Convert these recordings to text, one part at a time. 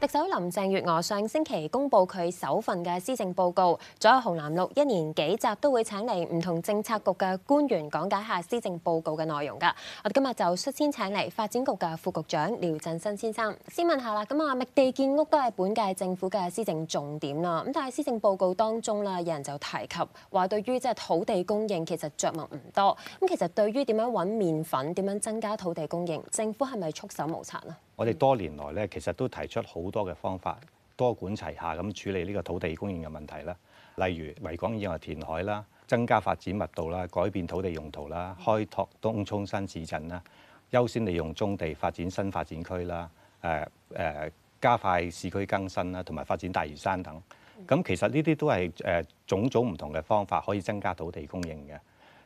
特首林鄭月娥上星期公布佢首份嘅施政報告，左右紅藍綠一年幾集都會請嚟唔同政策局嘅官員講解下施政報告嘅內容㗎。我哋今日就率先請嚟發展局嘅副局長廖振新先生。先問下啦，咁啊，覓地建屋都係本屆政府嘅施政重點啦。咁但係施政報告當中啦，有人就提及話對於即係土地供應其實着墨唔多。咁其實對於點樣搵麵粉、點樣增加土地供應，政府係咪束手無策？我哋多年來咧，其實都提出好多嘅方法，多管齊下咁處理呢個土地供應嘅問題啦。例如維港以外填海啦，增加發展密度啦，改變土地用途啦，開拓東涌新市鎮啦，優先利用棕地發展新發展區啦，誒誒加快市區更新啦，同埋發展大嶼山等。咁其實呢啲都係誒種種唔同嘅方法，可以增加土地供應嘅。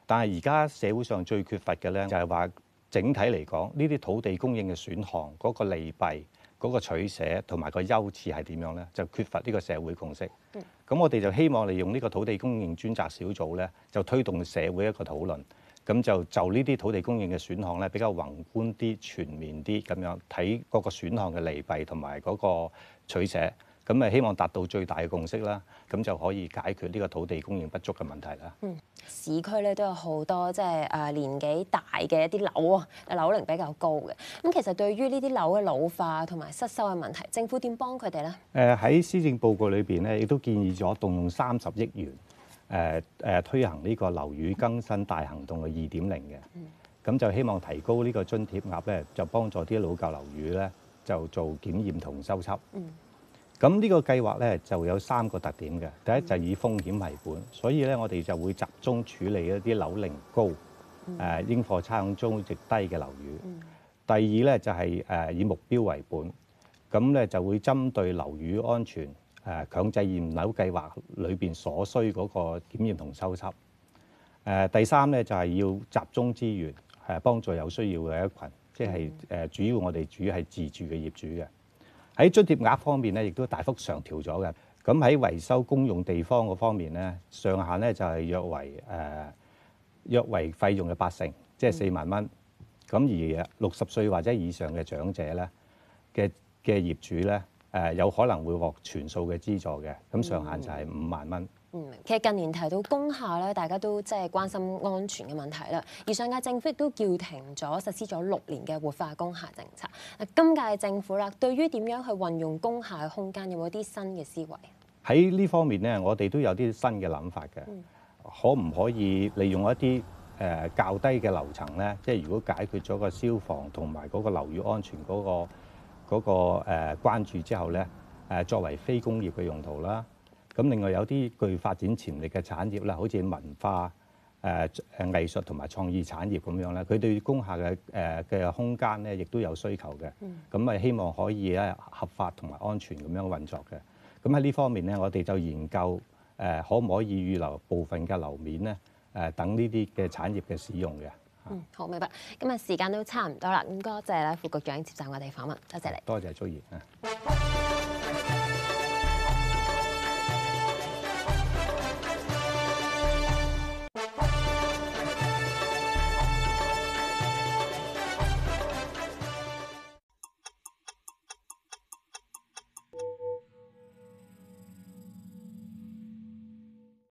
但係而家社會上最缺乏嘅咧，就係話，整體嚟講，呢啲土地供應嘅選項嗰個利弊、嗰個取捨同埋個優次係點樣咧？就缺乏呢個社會共識。咁我哋就希望利用呢個土地供應專責小組咧，就推動社會一個討論，咁就就呢啲土地供應嘅選項咧，比較宏觀啲、全面啲咁樣睇嗰個選項嘅利弊同埋嗰個取捨。咁咪希望達到最大嘅共識啦，咁就可以解決呢個土地供應不足嘅問題啦。嗯，市區咧都有好多即係誒年紀大嘅一啲樓啊，樓齡比較高嘅。咁其實對於呢啲樓嘅老化同埋失修嘅問題，政府點幫佢哋咧？誒、呃、喺施政報告裏邊咧，亦都建議咗動用三十億元誒誒、呃呃、推行呢個樓宇更新大行動嘅二點零嘅。嗯，咁就希望提高呢個津貼額咧，就幫助啲老舊樓宇咧就做檢驗同修葺。嗯。咁呢個計劃咧就有三個特點嘅。第一就係、是、以風險為本，所以咧我哋就會集中處理一啲樓齡高、誒應貨差額高亦低嘅樓宇，嗯。第二咧就係、是、誒、呃、以目標為本，咁咧就會針對樓宇安全、誒、呃、強制驗樓計劃裏邊所需嗰個檢驗同收葺。誒、呃、第三咧就係、是、要集中資源，誒、呃、幫助有需要嘅一群，即係誒主要我哋主要係自住嘅業主嘅。喺津貼額方面咧，亦都大幅上調咗嘅。咁喺維修公用地方嗰方面咧，上限咧就係約為誒約為費用嘅八成，即係四萬蚊。咁而六十歲或者以上嘅長者咧嘅嘅業主咧，誒有可能會獲全數嘅資助嘅。咁上限就係五萬蚊。嗯嗯，其實近年提到工廈咧，大家都即係關心安全嘅問題啦。而上屆政府亦都叫停咗實施咗六年嘅活化工廈政策。啊，今屆政府啦，對於點樣去運用工廈空間有冇一啲新嘅思維？喺呢方面咧，我哋都有啲新嘅諗法嘅，嗯。可唔可以利用一啲誒較低嘅樓層咧？即係如果解決咗個消防同埋嗰個樓宇安全嗰、嗰個嗰、嗰個誒、呃、關注之後咧，誒、呃、作為非工業嘅用途啦。咁另外有啲具發展潛力嘅產業啦，好似文化、誒、呃、誒藝術同埋創意產業咁樣咧，佢對工廈嘅誒嘅空間咧，亦都有需求嘅。咁、嗯、咪希望可以咧合法同埋安全咁樣運作嘅。咁喺呢方面咧，我哋就研究誒、呃、可唔可以預留部分嘅樓面咧，誒、呃、等呢啲嘅產業嘅使用嘅。嗯，好明白。今日，時間都差唔多啦，咁多謝咧副局長接受我哋訪問，多謝你。多謝朱言。